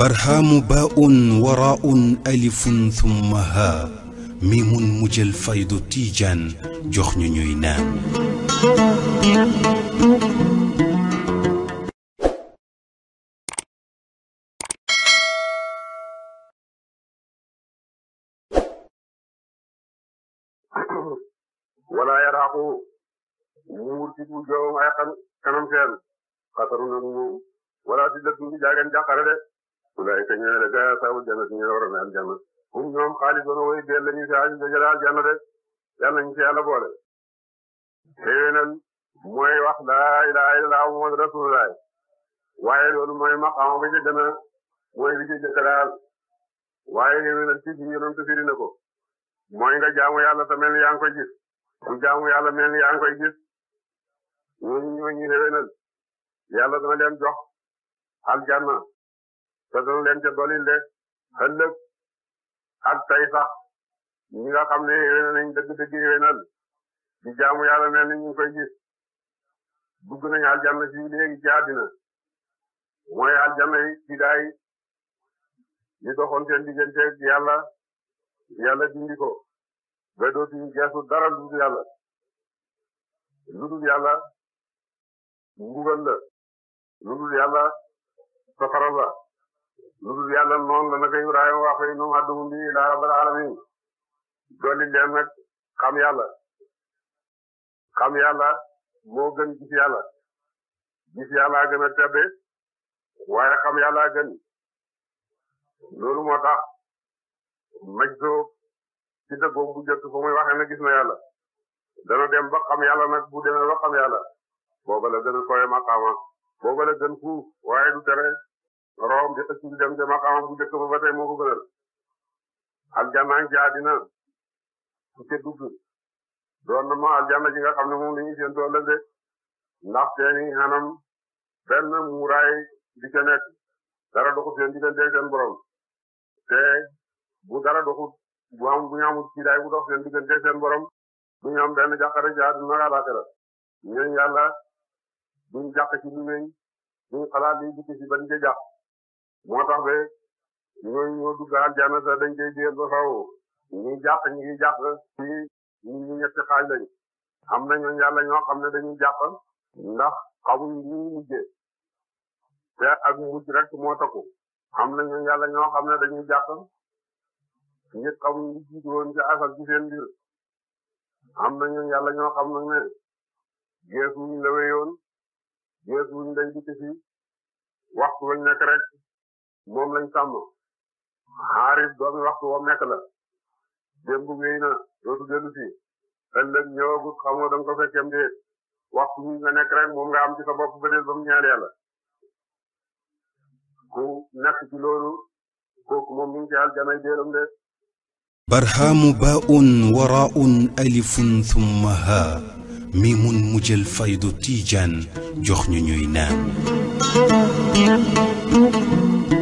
برهام باء وراء ألف ثم هاء ميم مجل فيض تيجان جخن نينام ولا يرعق ولا تدلتني جاكا جاكا ulaayika ñu ne la gaa saabul janna ñu war a mel janna hum ñoom xaalis doon woy del lañu si aju dajalaal janna rek yàlla ñu ci yàlla boole teeweenal mooy wax laa ilaaha illallaah muhammad loolu mooy maqaama bi ci gën a mooy bi ci jëkk ci suñu yonent firi na ko mooy nga jaamu yàlla te mel ni yaa ngi koy gis ku jaamu yàlla mel ni yaa ngi koy gis ñooñu ñooñu xéwénal yàlla dana leen jox aljanna te dana leen ca dolil de ëllëg ak tey ñi nga xam ne yéwén nañ dëgg-dëgg yéwénal di jaamu yàlla mel ni ñu ngi koy gis dugg nañ aljanna ci léegi ci àddina mooy aljanna yi ci daay yi doxoon seen diggante ak yàlla yàlla dindi ko ba dootuñu geesu dara lu dul yàlla lu dul yàlla mbugal la lu lu dul yàlla noonu la naka Ibrahima waxee nu mu àdduma bi ilaa rabbil alamin dolli leen nag xam yàlla xam yàlla moo gën gis yàlla gis yàlla gën a tebbe waaye xam yàlla gën loolu moo tax maj soo ci dëggoom bu jëkk fu muy waxee na gis na yàlla dana dem ba xam yàlla nag bu demee ba xam yàlla booba la gën a koy maqaama booba la gën fuuf waaye du tere room de ëccu dem de maqaama bu njëkk ba ba tey moo ko gënal aljanna jaadina ku ca dugg doon na ma aljanna ji nga xam ne moom la ñuy seen doole de ndax seeni xanam benn muuraay di ca nekk dara doxul seen diggante seen borom te bu dara doxul bu am bu ñu amul kiidaay bu dox seen diggante seen borom du ñu am benn jàqare ci àdduna ak àllaaxira ñooñu yàlla duñ jàq ci lu weñ duñ xalaat liy dugg ci bañ ca jàq moo tax ba ñooñu ñoo dugg aljana sax dañ koy jéem ba faaw ñuy jàpp ñu ngi jàpp ci ñetti xaaj lañu am na ñooñu yàlla ñoo xam ne dañuy jàpp ndax xamuñ li ñu na ñooñu yàlla ñoo xam ne dañuy jàpp nit xamuñ li jiitu woon ci asal ci seen mbir am na ñooñu yàlla ñoo xam ne gees wuñ la wéyoon gees wuñ lay dikk si waxtu wañ nekk rek. moom lañ sàmm xaaris doomi waxtu woom nekk la démb wéy na dootu dellu si ëllëg ñëwagut xamoo da nga ko fekkem de waxtu ñu nga nekk rek moom nga am ci sa bopp ba dee ba mu ñaan yàlla ku nekk ci loolu kooku moom mi ngi ci aljanay déeram de برهام باء وراء ألف ثم هاء ميم مجل فيض تيجان جخن نام